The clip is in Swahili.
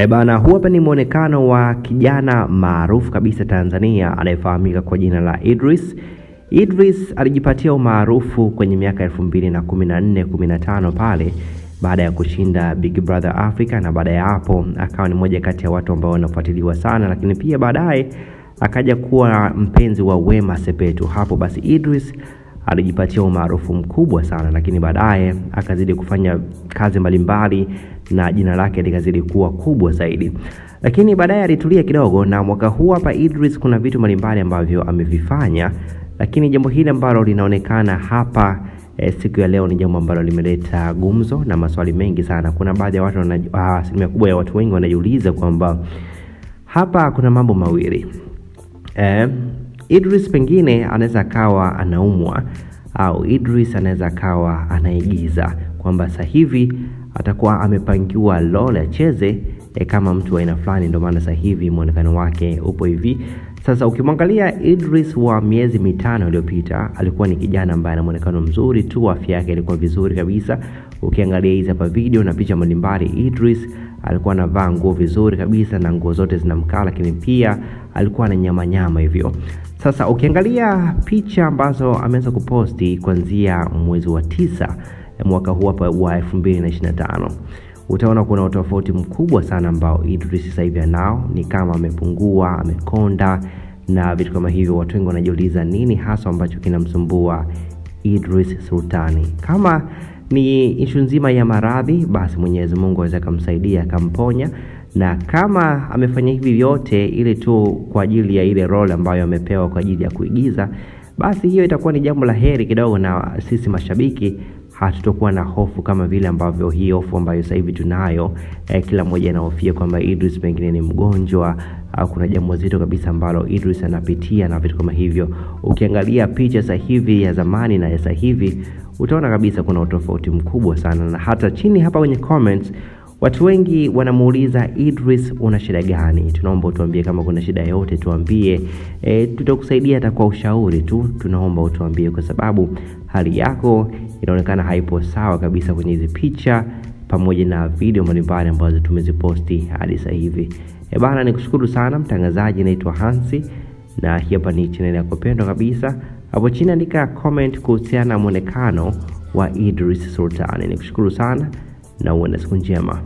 E bana, huu hapa ni mwonekano wa kijana maarufu kabisa Tanzania anayefahamika kwa jina la Idris. Idris alijipatia umaarufu kwenye miaka elfu mbili na kumi na nne kumi na tano pale baada ya kushinda Big Brother Africa, na baada ya hapo akawa ni mmoja kati ya watu ambao wanafuatiliwa sana, lakini pia baadaye akaja kuwa mpenzi wa Wema Sepetu. Hapo basi Idris alijipatia umaarufu mkubwa sana, lakini baadaye akazidi kufanya kazi mbalimbali na jina lake likazidi kuwa kubwa zaidi, lakini baadaye alitulia kidogo, na mwaka huu hapa Idris kuna vitu mbalimbali ambavyo amevifanya, lakini jambo hili ambalo linaonekana hapa E, siku ya leo ni jambo ambalo limeleta gumzo na maswali mengi sana. Kuna baadhi ya watu, ah, asilimia kubwa ya watu wengi wanajiuliza kwamba hapa kuna mambo mawili e, Idris pengine anaweza akawa anaumwa au Idris anaweza akawa anaigiza kwamba sasa hivi atakuwa amepangiwa role acheze e, kama mtu wa aina fulani, ndio maana sasa hivi muonekano wake upo hivi. Sasa ukimwangalia Idris wa miezi mitano iliyopita alikuwa ni kijana ambaye ana muonekano mzuri tu, afya yake ilikuwa vizuri kabisa. Ukiangalia hizi hapa video na picha mbalimbali Idris alikuwa anavaa nguo vizuri kabisa na nguo zote zinamkaa, lakini pia alikuwa na nyama nyama hivyo. Sasa ukiangalia picha ambazo ameweza kuposti kuanzia mwezi wa tisa mwaka huu hapa wa 2025 utaona kuna utofauti mkubwa sana ambao Idris sasa hivi anao, ni kama amepungua, amekonda na vitu kama hivyo. Watu wengi wanajiuliza nini hasa ambacho kinamsumbua Idris Sultani kama ni ishu nzima ya maradhi, basi Mwenyezi Mungu aweza akamsaidia akamponya, na kama amefanya hivi vyote ili tu kwa ajili ya ile role ambayo amepewa kwa ajili ya kuigiza, basi hiyo itakuwa ni jambo la heri kidogo, na sisi mashabiki hatutokuwa na hofu kama vile ambavyo hii hofu ambayo sasa hivi tunayo eh, kila mmoja anahofia kwamba Idris pengine ni mgonjwa au kuna jambo zito kabisa ambalo Idris anapitia na vitu kama hivyo. Ukiangalia picha sasa hivi ya zamani na ya sasa hivi utaona kabisa kuna utofauti mkubwa sana, na hata chini hapa kwenye comments watu wengi wanamuuliza Idris, una shida gani? Tunaomba utuambie kama kuna shida yoyote, tuambie e, tutakusaidia hata kwa ushauri tu, tunaomba utuambie, kwa sababu hali yako inaonekana haipo sawa kabisa kwenye hizi picha pamoja na video mbalimbali ambazo tumeziposti hadi sasa hivi. E bana, nikushukuru sana mtangazaji, naitwa Hansi na hii hapa ni channel yako pendwa kabisa. Hapo chini andika comment kuhusiana na mwonekano wa Idris Sultan. Nikushukuru sana na uwe na siku njema.